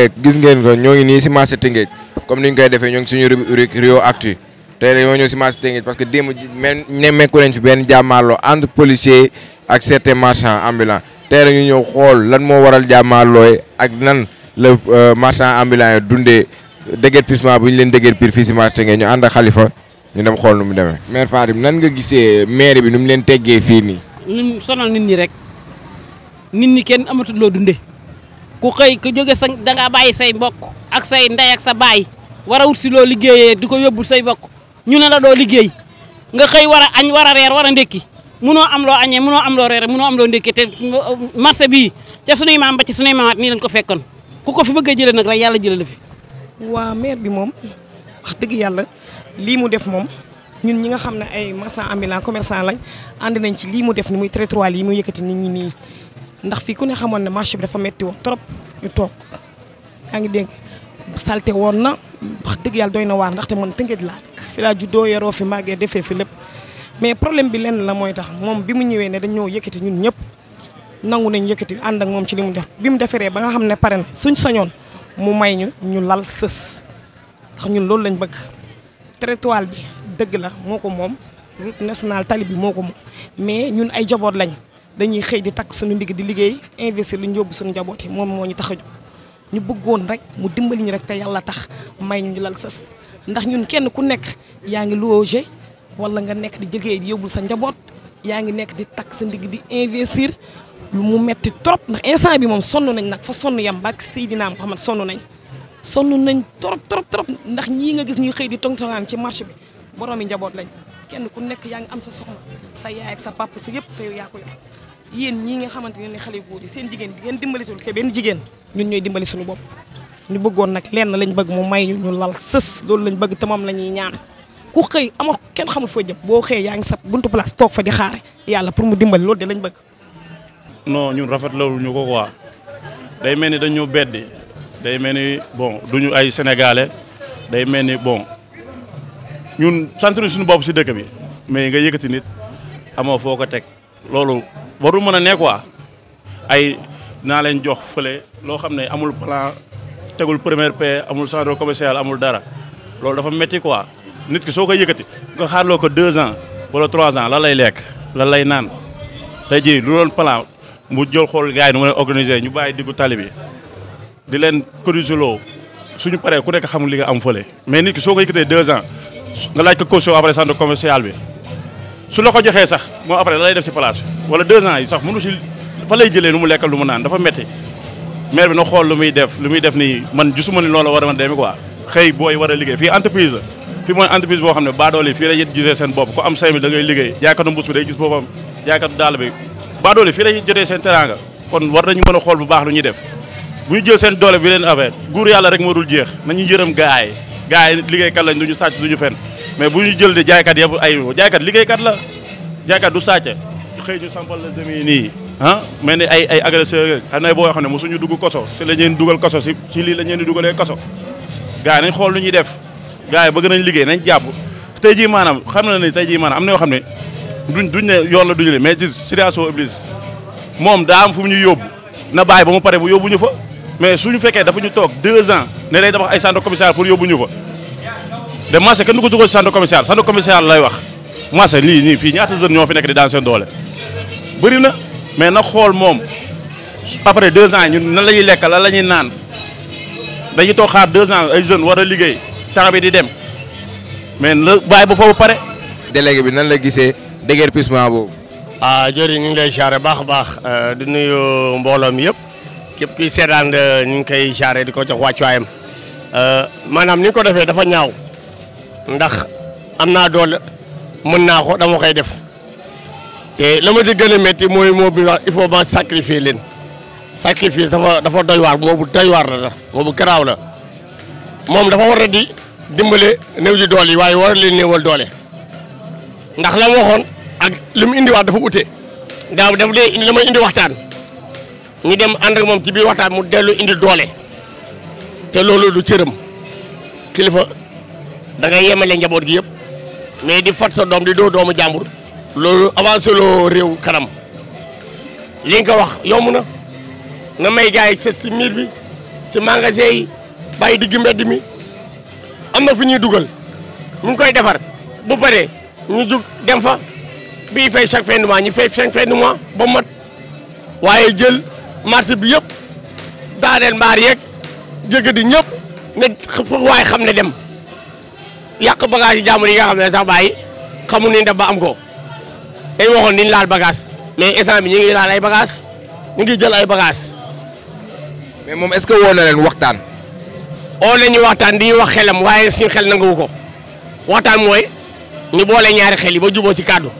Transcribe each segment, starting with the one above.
Tëngéej gis ngeen ko ñoo ngi nii si marché Tëngéej comme ni ñu koy defee ñoo ngi suñu rubrique Rio Actu tey dañoo ñëw si marché Tëngéej parce que démb men nemmeeku fi benn jàmmaarloo entre policier ak certains marchands ambulants tey dañu ñëw xool lan moo waral jàmmaarloo ak nan la euh, marchand ambulant yi dundee déguerpissement bu ñu leen déguerpir fii si marché Tëngéej ñu ànd ak Xalifa ñu dem xool nu mu demee. maire Fatim nan nga gisee maire bi nu mu leen teggee fii nii. ñu sonal ñi rek nit ñi kenn amatul loo ku xëy ku jóge sa da ngaa bàyyi say mbokk ak say ndey ak sa baay war a wut si loo liggéeyee di ko yóbbu say mbokk ñu ne la doo liggéey nga xëy war a añ war a reer war a ndékki munoo am loo añee munoo am loo reer munoo am loo ndékki te marché bii ca sunuy maam ba ci sunuy maamaat nii lañ ko fekkoon ku ko fi bëgg a jëlee nag rek yàlla jëlee la fi. waa maire bi moom wax dëgg yàlla lii mu def moom ñun ñi nga xam ne ay marchand ambulant commerçant lañ ànd nañ ci lii mu def ni muy trottoir lii muy yëkkati nit ñi nii. ndax fii ku ne xamoon ne marché bi dafa metti woon trop ñu toog yaa ngi dégg salte woon na wax dëgg yàlla doy na waar ndaxte man tëngëj laa fi laa juddoo yaroo fi màggee defee fi lépp mais problème bi lenn la mooy tax moom bi mu ñëwee ne dañ dañoo yëkkati ñun ñëpp nangu nañ yëkkati ànd ak moom ci li mu def bi mu deferee ba nga xam ne pare na suñ soñoon mu may ñu ñu lal sës ndax ñun loolu lañ bëgg trottoir bi dëgg la moo ko moom route nationale tali bi moo ko moom mais ñun ay jaboot lañ dañuy xëy di takk suñu ndigg di liggéey investir lu ñu yóbbu suñu njaboot yi moom moo ñu tax a jóg ñu bëggoon rek mu dimbali ñu rek te yàlla tax may ñu lal sës ndax ñun kenn ku nekk yaa ngi logé wala nga nekk di liggéey di sa njaboot yaa ngi nekk di takk sa ndigg di investir lu mu metti trop ndax instant bi moom sonn nañ nag fa sonn yam baak Seydina Muhammad sonn nañ sonn nañ trop trop trop ndax ñii nga gis ñuy xëy di tongtongaan ci marché bi boroomi njaboot lañ kenn ku nekk yaa ngi am sa soxna sa yaay ak sa papa sa yëpp te yow yaa ko yor yéen ñii nga xamante ne ni xale góor yi seen jigéen di ngeen dimbalitul ke benn jigéen ñun ñooy dimbali suñu bopp ñu bëggoon nag lenn lañ bëgg mu may ñu lal sës loolu lañ bëgg te moom ñaan ku xëy ama kenn xamul foo jëm boo xëyee yaa ngi buntu place toog fa di xaare yàlla pour mu dimbali de lañ bëgg non ñun rafet loolu ñu ko quoi day mel ni dañu beddi day mel ni bon duñu ay sénégalais day mel ni bon ñun sant suñu bopp si dëkk bi mais nga yëkkati nit amoo foo ko teg loolu warul ma a nekk quoi ay naa leen jox fële loo xam ne amul plan tegul première paie amul centre commercial amul dara loolu dafa métti quoi nit ki soo koy yëkkati nga xaarloo ko deux ans wala trois ans lan lay lekk lan lay naan tey jii lu doon plan mu jël xool gars yi nu mu leen ñu bàyyi diggu tali bi di leen corrigeloo suñu paree ku nekk xamul li nga am fële mais nit ki soo ko yëkkatee deux ans nga laaj ko caution après centre commercial bi su la ko joxee sax moom après lay def si place bi wala deux ans yi sax mënu si fa lay jëlee lu mu lekkal lu mu naan dafa métti maire bi na xool lu muy def lu muy def nii man gisuma ni loola war a mën demee xëy booy war a liggéey fii entreprise la fii xam ne baadool yi fii la ñuy gisee seen bopp ku am cinq mille da ngay liggéey jaaykatu mbuus bi day gis boppam fii la ñuy jotee seen teraanga kon war nañu mën a xool bu baax lu ñuy def bu ñu jël seen doole bi leen affaire guur yàlla rek moo dul jeex nañu yërëm gaay gaay liggéeykat lañ ñu duñu sàcc duñu fen mais bu ñu jël de jaaykat yëpp ay jaaykat kat la jaaykat du sàcc xëy ñu sampal la demee nii ah mel ni ay ay agresseur am na boo xam ne suñu dugg koso si la ñeen dugal koso si ci lii la ñeen di dugalee koso gars yi nañ xool lu ñuy def gars yi bëgg nañ liggéey nañ jàpp tey jii maanaam xam na ne tey jii maanaam am na yoo xam ne duñ duñ ne yoon la duñu le mais ci situation oblige moom daa am fu mu ñu yóbbu na bàyyi ba mu pare bu yóbbu ñu fa mais suñu fekkee dafa ñu toog deux ans ne day ay centre commercial pour yóbbu ñu fa de marché kenn du ko dugal ci centre commercial centre commercial lay wax marché lii nii fii ñaata jeunes ñoo fi nekk di daan doole bëri na mais na xool moom après deux ans ñun nan la ñuy lekk lan la ñuy naan dañuy toog deux ans ay jeunes war a liggéey temps bi di dem mais la bàyyi ba foofu pare. délégué bi nan la gisee déguerpissement boobu. ah jërëjëf ñu ngi lay siyaare baax a baax euh, di nuyu mbooloo mi yëpp képp kuy seetaan euh, ñu ngi koy siyaare di ko jox wàccuwaayam euh, manaam ni ko defee dafa ñaaw. ndax am naa doole mën naa ko dama koy def te la ma ci gën a métti mooy moo bi wax il faut ma sacrifier leen sacrifice dafa dafa doy waar boobu doy waar la sax boobu la moom dafa war di dimbale néew ji doole yi waaye war leen néewal doole ndax la waxoon ak li mu indi wax dafa ute daaw daf dee indi la may indi waxtaan ñu dem ànd moom ci biir waxtaan mu dellu indi doole te loolu du cëram kilifa da ngay yemale njaboot gi yëpp mais di fat sa doom di doo doomu jàmbur loolu avancé loo réew kanam li ko wax yomb na nga may gars yi set si miir bi si magasin yi bàyyi digg mbedd mi am na fu ñuy dugal mu koy defar bu pare ñu jug dem fa bii fay chaque fin de mois ñu fay chaque fin de mois ba mat waaye jël marché bi yëpp daaneel mbaar yeeg jëgg di ñëpp ne waaye xam ne dem yàq bagage yi jàmbur yi nga xam ne sax bàyyi xamuñ ni def ba am ko dañ waxoon niñ laal bagage mais instant bi ñu ngi laal ay bagage ñu ngi jël ay bagaas mais moom est-ce que woo na leen waxtaan. oo nañu waxtaan di wax xelam waaye suñu xel nanguwu ko waxtaan mooy ñu boole ñaari xel yi ba juboo ci kàddu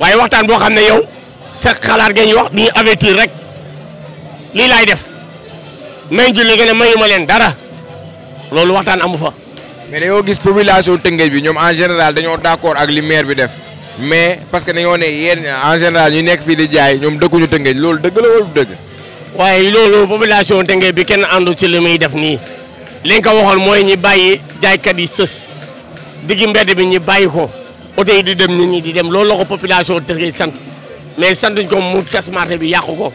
waaye waxtaan boo xam ne yow sa xalaat nga ñuy wax di ñu avertir rek lii laay def may julli nga ne mayuma leen dara loolu waxtaan amu fa. mais dañoo gis population Tëngéej bi ñoom en général dañoo d'accord ak li bi def mais parce que dañoo ne yéen en général ñu nekk fii di jaay ñoom dëkkuñu Tëngéej loolu dëgg la wala dëgg. waaye loolu population Tëngéej bi kenn àndu ci li may def nii li nga ko waxoon mooy ñi jaay kat yi sës diggi mbedd bi ñi bàyyi ko oto yi di dem nit ñi di dem loolu la ko population Tëngéej sant mais santuñ ko mu tes marché bi yàqu ko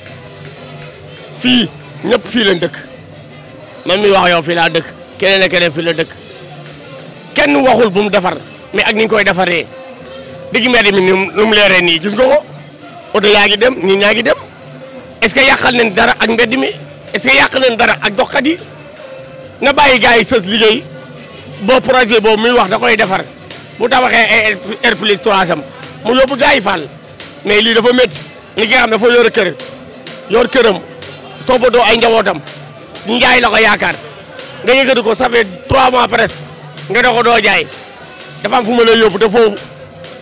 fii ñëpp fii lañ dëkk man mi wax yow fii laa dëkk keneen ak fii la dëkk. kenn waxul bu mu defar mais ak ni ñu koy defaree digg mbedd mi ni mu leeree nii gis nga ko oto yaa ngi dem nit ñaa ngi dem est-ce que yàqal nañ dara ak mbedd mi est-ce que yàqal nañ dara ak doxkat yi na bàyyi gars yi sës liggéey boo projet boobu muy wax da koy defar bu tabaxee ay air plus 3 am mu yóbbu gars yi fàll mais lii dafa métti li nga xam dafa yor a kër yor këram toppatoo ay njabootam njaay la ko yaakaar nga yëkkati ko ça fait 3 mois presque. nga doog doo jaay dafa am fu ma lay yóbbu te foofu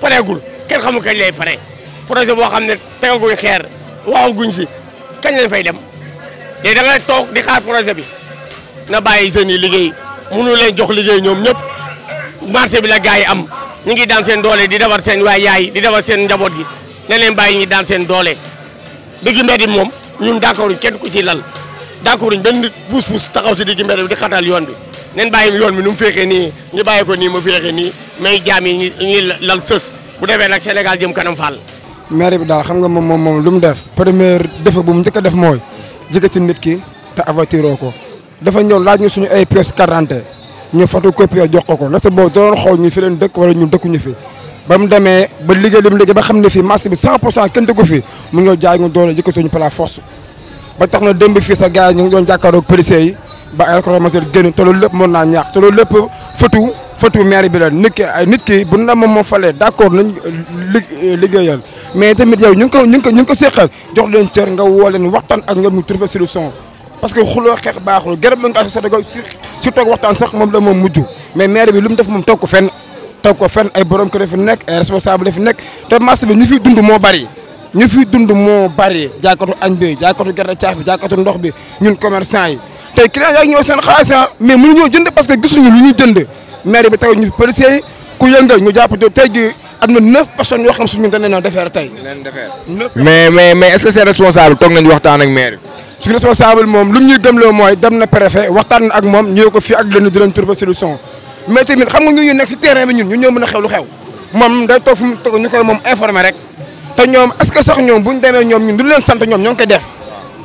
pareegul kenn xamul kañ lay pare projet boo xam ne tegaguñ xeer waaw guñ si kañ lañ fay dem léegi da toog di xaar projet bi na bàyyi jeunes yi liggéey munu leen jox liggéey ñoom ñëpp marché bi la gars yi am ñu ngi daan seen doole di defar seen waay yaay di defar seen njaboot yi ne leen bàyyi ñi daan seen doole digg mbedd yi moom ñun d'accorduñ kenn ku ci lal d'accorduñ benn puus puus taxaw si digg mbedd bi di xatal yoon bi nañ bàyyi yoon bi nu mu féexee nii ñu bàyyi ko nii mu féexee nii mais jaam yi ñuy lal sës bu defee nag Sénégal jëm kanam Fall. maire bi daal xam nga moom moom moom lu mu def première défaut bu mu njëkk a def mooy jëkkati nit ki te avatiroo ko dafa ñëw laaj ñu suñu ay pièces quarante ñu photocopie jox ko ko ndaxte boobu doon xool ñu fi leen dëkk wala ñu dëkkuñu fi. ba mu demee ba liggéey li mu liggéey ba xam ne fii marché bi 100 pour cent kenn dëkku fi mu ñëw jaay ñu doole jëkkatuñu par la force ba tax na démb fii sa gars ñu ngi doon jàkkaarloog policiers yi ba ay recommandations génn te lépp mën naa ñaax te loolu lépp fëtu fëtu maire bi la nit ki ay ki bu na moom moo falee d' accord nañ euh, euh, liggéeyal mais tamit yow ñu ngi ko ñu ko ñu ngi ko seqal jox leen cër nga woo leen waxtaan ak nga mu trouver solution parce que xuloo xeex baaxul garab la nga as sa dagg su toog waxtaan sax moom la moom mujj mais maire bi lu mu def moom toog ko fenn toog ko fenn ay borom kër fi nekk ay responsable fi nekk te marché bi ñu fi dund moo bari ñu fi dund moo bari jaaykatu añ bi jaaykatu gerte caaf bi jaaykatu ndox bi ñun commerçant yi tey client yaa ngi ñëw seen xaalis ah mais mënuñoo jënd parce que gisuñu lu ñuy jënd bi taw ñu policiers yi ku yëngal ñu jàpp tey jii am na neuf personnes yoo xam suñu dañ leen a defeere tey. mais mais mais est ce que c' est responsable toog nañ waxtaan ak maire suñu responsable moom lu ñuy gëmloo mooy dem na préfet waxtaan na ak moom ñëw ko fii ak lenn di leen solution mais tamit xam nga ñun ñu nekk si terrain bi ñun ñun ñoo mën a xew lu xew moom day toog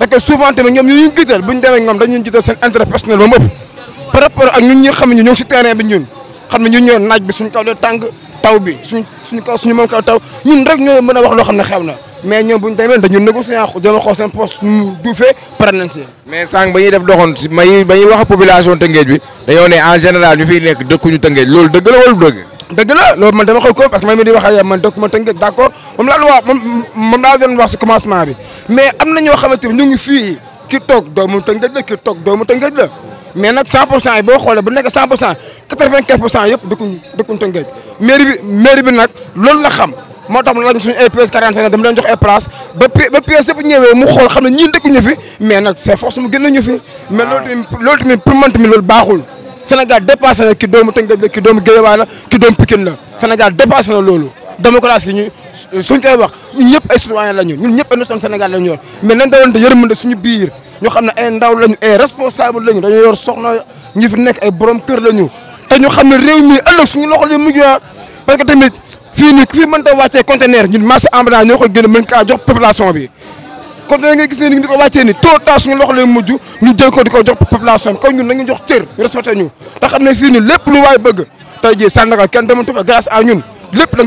parce que souvent tamit ñoom ñu ñu jiital bu ñu demee ñoom dañuy jiital seen intérêt personnel ba mu ëpp par ak ñun ñu ngi si terrain bi ñun xam ñun ñoo naaj bi suñu kaw dee tàng taw bi suñu kaw suñu moom kaw taw ñun rek ñoo mën a wax loo xam ne xew na mais ñoom bu ñu demee dañu négocier ah, dama xool seen poste ñu duufee pare nañ si mais sànq ba ñuy def doxoon may ba wax population Tëngéej bi dañoo ne en général ñu fiy nekk dëkkuñu Tëngéej loolu dëgg la wala dëgg dëgg la loolu man dama koy ko parce que man mii di wax ak yow man ma tënk laa wax moom moom laa doon wax si commencement bi mais am na ñoo xamante ni ñu ngi fii ki toog doomu Tëngéej la ki toog doomu Tëngéej la mais nag 100 pour cent boo xoolee bu nekk 100 pour cent 95 pour cent yëpp dëkkuñu dëkkuñu loolu la xam moo tax mu laaj suñu ay pièces 45 dama leen ba pi ba pièces yëpp mu xool xam ne ñii dëkkuñu fi mais nag c'est force mu gën a ñu fi. mais loolu tamit loolu man tamit loolu baaxul. Sénégal dépassé na ki doomu Tëngéej la ki doomu Guédiawaye la ki doomu Pikine la Sénégal dépassé na loolu démocratie ñu suñ koy wax ñun ñëpp ay citoyen la ñu ñun ñëpp ay nation Sénégal la ñu yor mais nañ dawante yërmande suñu biir ñu xam ne ay ndaw lañu ay responsable lañu dañoo yor soxna ñi fi nekk ay borom la lañu te ñu xam ne réew mi ëllëg suñu loxo la mujj parce que tamit fii nii ku fi mën ta wàccee conteneur ñun marché ambulant ñoo koy génn mën kaa jox population bi kon da ngay gis ne ni ñu ko wàccee ni tôt tard suñu loxo mujj ñu jël ko di ko jox population bi comme ñun nañu jox cër ñu respecté ñu te xam ne fii nii lépp lu waay bëgg tey jii Sandaga kenn dematu fa grâce à ñun lépp lañ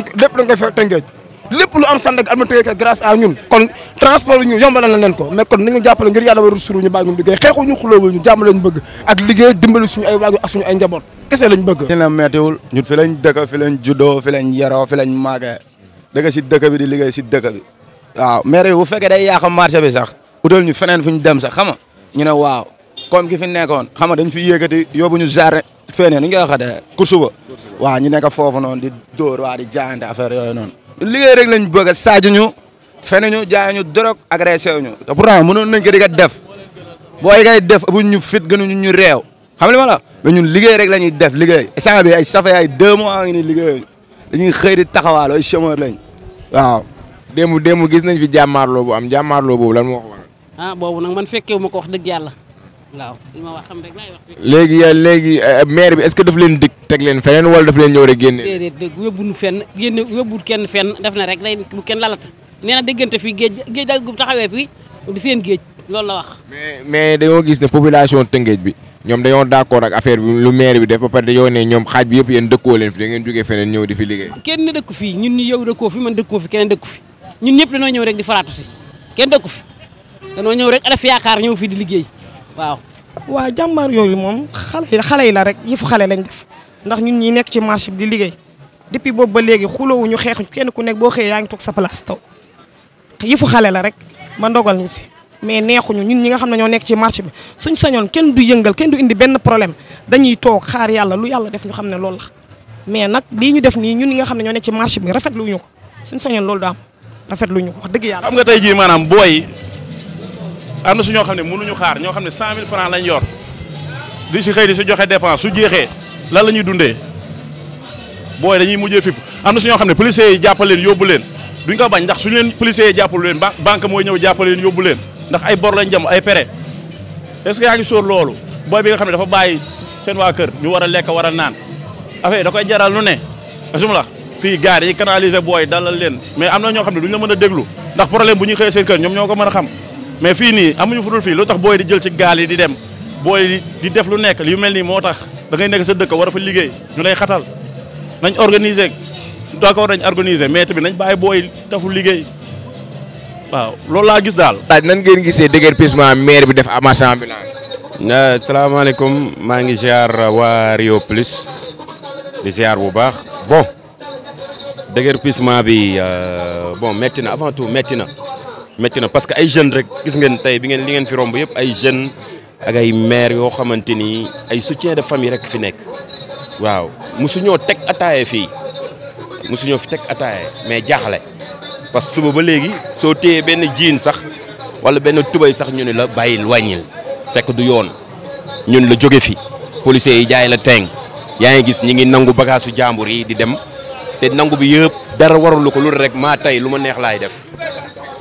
lépp lu am Sandaga am na tëngeej grâce à ñun kon transport ñu yombal na leen ko mais kon nañu jàppale ngir yàlla warul suru ñu bàyyi ñu liggéey xeexu ñu xulóowul ñu jàmm lañ bëgg ak liggéey dimbali suñu ay waajur ak suñu ay njaboot ñu ne mettiwul ñun fi lañ dëkk fi lañ juddoo fi lañ yaroo fi si dëkk bi waaw maire bi bu fekkee day yàq marché bi sax utal ñu feneen fu ñu dem sax xam nga ñu ne waaw comme ki fi nekkoon xam nga dañ fi yéegati yóbbu ñu genre feneen nu ñu koy da kursu ba waaw ñu nekk foofu noonu di door waa di jaayante affaire yooyu noonu liggéey rek lañ bëgg a saaju ñu fene ñu jaay ñu dorog agressé wu ñu te pourtant mënoon nañ ko di ko def booy kay def bu ñu fit gënuñu ñu réew xam li ma la mais ñun liggéey rek la ñuy def liggéey instant bi ay safee ay deux mois ngi ni liggéey dañuy xëy di taxawaal ay lañ waaw démb démb gis nañ fi jàmmaarloo bu am jàmmaarloo boobu lan moo ko waral. ah boobu nag man fekkee wu ma ko wax dëgg yàlla waaw li ma wax xam rek laay wax. léegi léegi eh, eh, maire bi est-ce que daf leen dig teg leen feneen wala daf leen ñëw rek génne. déedéet dégg yóbbuñu fenn génne yóbbuwul kenn fenn def na rek lay bu kenn lalata nee na déggante fii géej géej daal gu taxawee fii di seen géej loolu la wax. mais mais dañoo gis ne population Tëngéej bi. ñoom dañoo d'accord ak affaire bi lu maire bi def ba pare dañoo ne ñoom xaaj bi yëpp yéen dëkkoo leen fi da ngeen jógee feneen ñëw di fi liggéey. kenn dëkku fii ñun ñu yow dëkkoo fi man dëkkoo fi keneen dëkku fi ñun ñëpp dañoo ñëw rek di faraatu si kenn dëkku fi dañoo ñëw rek def yaakaar ñëw fii di liggéey waaw. waaw jàmbaar yooyu moom xale yi xale yi la rek yëfu xale lañ ndax ñun ñi nekk ci marché bi di liggéey depuis boobu ba léegi xuloowuñu xeexuñu kenn ku nekk boo xëyee yaa ngi toog sa place xale la rek ma ndogal ñu si. mais neexuñu ñun ñi nga xam ne ñoo nekk ci marché bi suñ sañoon kenn du yëngal kenn du indi benn problème dañuy toog xaar yàlla lu yàlla def ñu xam ne loolu la mais nag lii ñu def nii ñun ñi nga xam ne ñoo nekk ci marché bi rafetlu wuñu ko suñ sañoon loolu du am rafetlu ñu dëgg yàlla. xam nga tey jii maanaam booy am na su ñoo xam ne mënuñu xaar ñoo xam ne 100000 francs lañ yor di si xëy di si joxe dépense su jeexee lan la ñuy dundee booy dañuy mujjee fipp am na su ñoo xam ne policiers yi jàppaleen yóbbu leen duñ ko bañ ndax suñu leen policiers yi jàppalu leen banque mooy ñëw jàppaleen yóbbu leen ndax ay bor lañ jëm ay pere est-ce que yaa ngi sóor loolu booy bi nga xam ne dafa bàyyi seen waa kër ñu war a lekk war a naan affaire da koy jaral lu ne asum la fii gaar yi canaliser booy dalal leen mais am na ñoo xam ne du ñu mën a déglu ndax problème bu ñuy xëyee seen kër ñoom ñoo ko mën a xam mais fii nii amuñu fu dul fii lu tax booy di jël ci gaal di dem booy di def lu nekk yu mel nii moo tax da nekk sa dëkk war a fa liggéey ñu lay xatal nañ organiser d'accord nañ organiser mais tamit nañ bàyyi booy tafu liggéey waaw loolu laa gis daal. laaj nan ngeen gisee déguerpissement maire bi def à marchand ambulant. salaamaaleykum maa ngi ziar waa Rio bu baax déguerpissement bi euh, bon métti na avant tout métti na métti na parce que ay jeunes rek gis ngeen tey bi ngeen li ngeen fi romb yëpp ay jeunes ak ay maire yoo xamante ni ay soutien de famille rek fi nekk waaw mosuñoo teg ataaye fii mosuñoo fi teg ataaye mais jaaxle parce que suba ba léegi soo téyee benn jiin sax wala benn tubay sax ñu ne la bàyyil wàññil fekk du yoon ñun la jóge fi policiers yi jaay la teeng yaa ngi gis ñi ngi nangu bagaasu jàmbur yi di dem te nangu bi yëpp dara warulu ko loolu rek maa tey lu ma neex laay def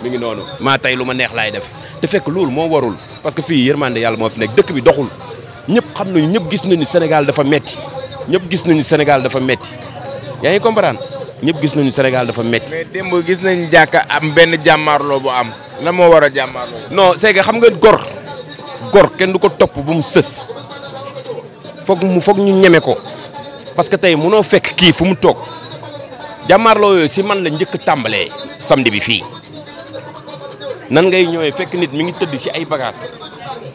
mi ngi noonu maa tey lu ma neex laay def te fekk loolu moo warul parce que fii yërmande yàlla moo fi nekk dëkk bi doxul ñëpp xam nañu ñëpp gis nañu Sénégal dafa metti ñëpp gis nañu Sénégal dafa metti yaa ngi comprendre ñëpp gis nañu Sénégal dafa metti mais démb gis ñu jàkk am benn jàmmaarloo bu am na moo war a jàmmaarloo. non c'est xam nga gor gor kenn du ko topp bu mu sës foog foog ñu ñeme ko parce que tey mënoo fekk kii fu mu toog. jàmmaarloo yooyu si man la njëkk tàmbalee samedi bi fii nan ngay ñëwee fekk nit mi ngi tëdd si ay bagages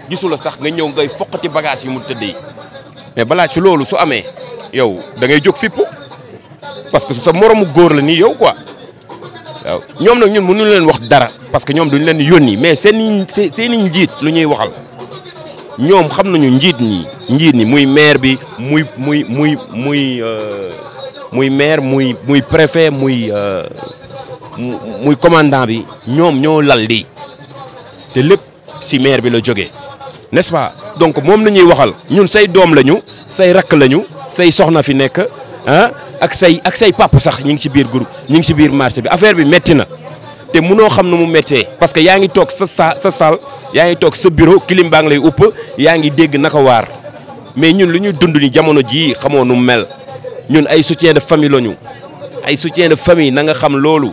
gisula sax nga ñëw ngay foqati bagages yi mu tëdd yi mais balaa ci loolu su amee yow da ngay jóg fipp parce que sa moromu góor la nii yow quoi ñoom nag ñun mënuñu leen wax dara parce que ñoom duñu leen yónni mais seen i seen i njiit lu ñuy waxal ñoom xam nañu njiit ñi njiit ñi muy maire bi muy muy muy muy. Euh, muy maire muy muy préfet muy euh, muy commandant bi ñoom ñoo lal lii te lépp si maire bi la jógee n'est-ce pas donc moom la ñuy waxal ñun say doom lañu say rakk lañu say soxna fi nekk ah, ak say ak say papa sax ñi ngi si biir groupe ñi ngi si biir marché bi affaire bi metti na te mënoo xam nu mu méttee parce que yaa ngi toog sa sa sa salle yaa ngi toog sa bureau clim baa ngi lay upp yaa ngi dégg naka waar mais ñun lu ñuy dund ni jamono jii xamoo nu mel. ñun ay soutien de famille lañu ay soutien de famille na nga xam loolu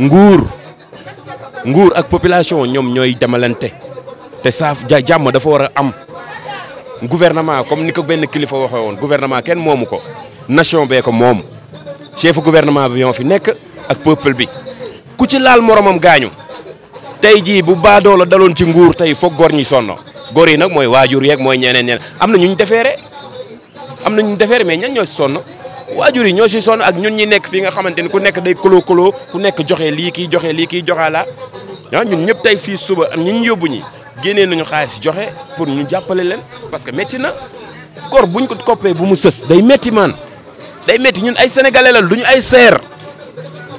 nguur nguur ak population ñoom ñooy demalante te saaf ja jàmm dafa war a am gouvernement comme ni ko benn kilifa waxee woon gouvernement kenn moomu ko nation bee ko moom chef gouvernement bi ñoo fi nekk ak peuple bi ku ci laal moromam gaañu tey jii bu baadoo la daloon ci nguur tey foog góor ñi sonno góor yi nag mooy waajur yeeg mooy ñeneen ñeneen am na ñu ñu defeere am nañu defeere mais ñan ñoo si son waajur yi ñoo si son ak ñun ñi nekk fii nga xamante ni ku nekk day koloo ku nekk joxe lii kii joxe lii kii joxe laa ah ñun ñëpp tey fii suba am ñun yóbbu ñi génnee nañu xaalis joxe pour ñu jàppale leen parce que métti na góor buñ ko koppee bu mu sës day métti man day métti ñun ay sénégalais la duñu ay seer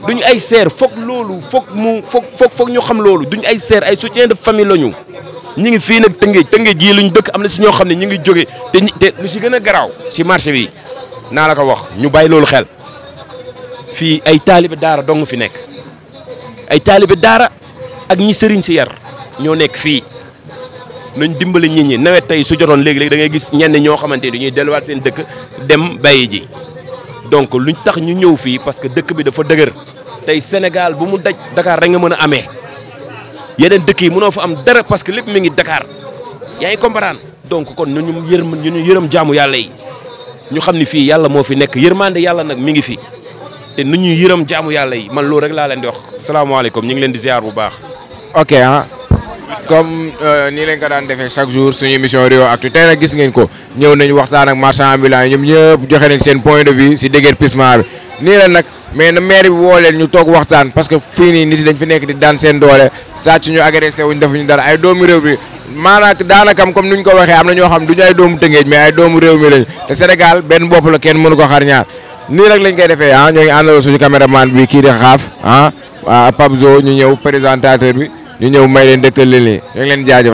du ñu ay sœur foog loolu foog mu foog foog foog ñu xam loolu duñu ay sœur ay soutien de famille lañu ñu ngi fii nag tëngéej tëngéej lu ñu dëkk am na si ñoo xam ne ñu ngi jóge te te lu si gën a garaaw si marché bi naa la wax ñu bàyyi loolu xel fii ay taalibe daara dong fi nekk ay taalibe daara ak ñi sëriñ si yar ñoo nekk fii nañ dimbali nit ñi nawet tey su jotoon léegi-léegi dangay gis ñenn ñoo xamante ni dañuy delluwaat seen dëkk dem bàyyi ji donc lu ñu tax ñu ñëw fii parce que dëkk bi dafa dëgër tey Sénégal bu mu daj dakaar rek nga mën a amee yeneen dëkk yi mënoo fa am dara parce que lépp mi ngi dakaar yaa ngi donc kon ñu ñu yërëm ñu yërëm jaamu yàlla yi ñu xam ni fii yàlla moo fi nekk yërmande yàlla nag mi ngi fi te nu ñuy yërëm jaamu yàlla yi man lool rek laa leen di wax salaamaaleykum ñu ngi leen di ziar bu baax. ok ah. comme euh, nii lañ ko daan defee chaque jour suñu émission Rio Actu tey nag gis ngeen ko ñëw nañu waxtaan ak marchand ambulant ñoom ñëpp joxe nañ seen point de si déguerpissement bi. nii la nag mais na maire bi woo leen ñu toog waxtaan parce que fii nii nit yi dañ fi nekk di daan seen doole sàcc ñu agressé wuñ defuñu dara ay doomu réew mi maanaam comme ni ñu ko waxee am na ñoo xam du ñu ay doomu tëngeej mais ay doomu réew mi lañ Sénégal benn bopp la kenn mënu ko xar ñaar nii rek lañ koy defee ah ñoo ngi àndaloo suñu caméraman bi kii di xaaf ah Pape Zo ñu ñëw présentateur bi ñu ñëw may leen dëkkal leen nii ñu ngi leen jaajëf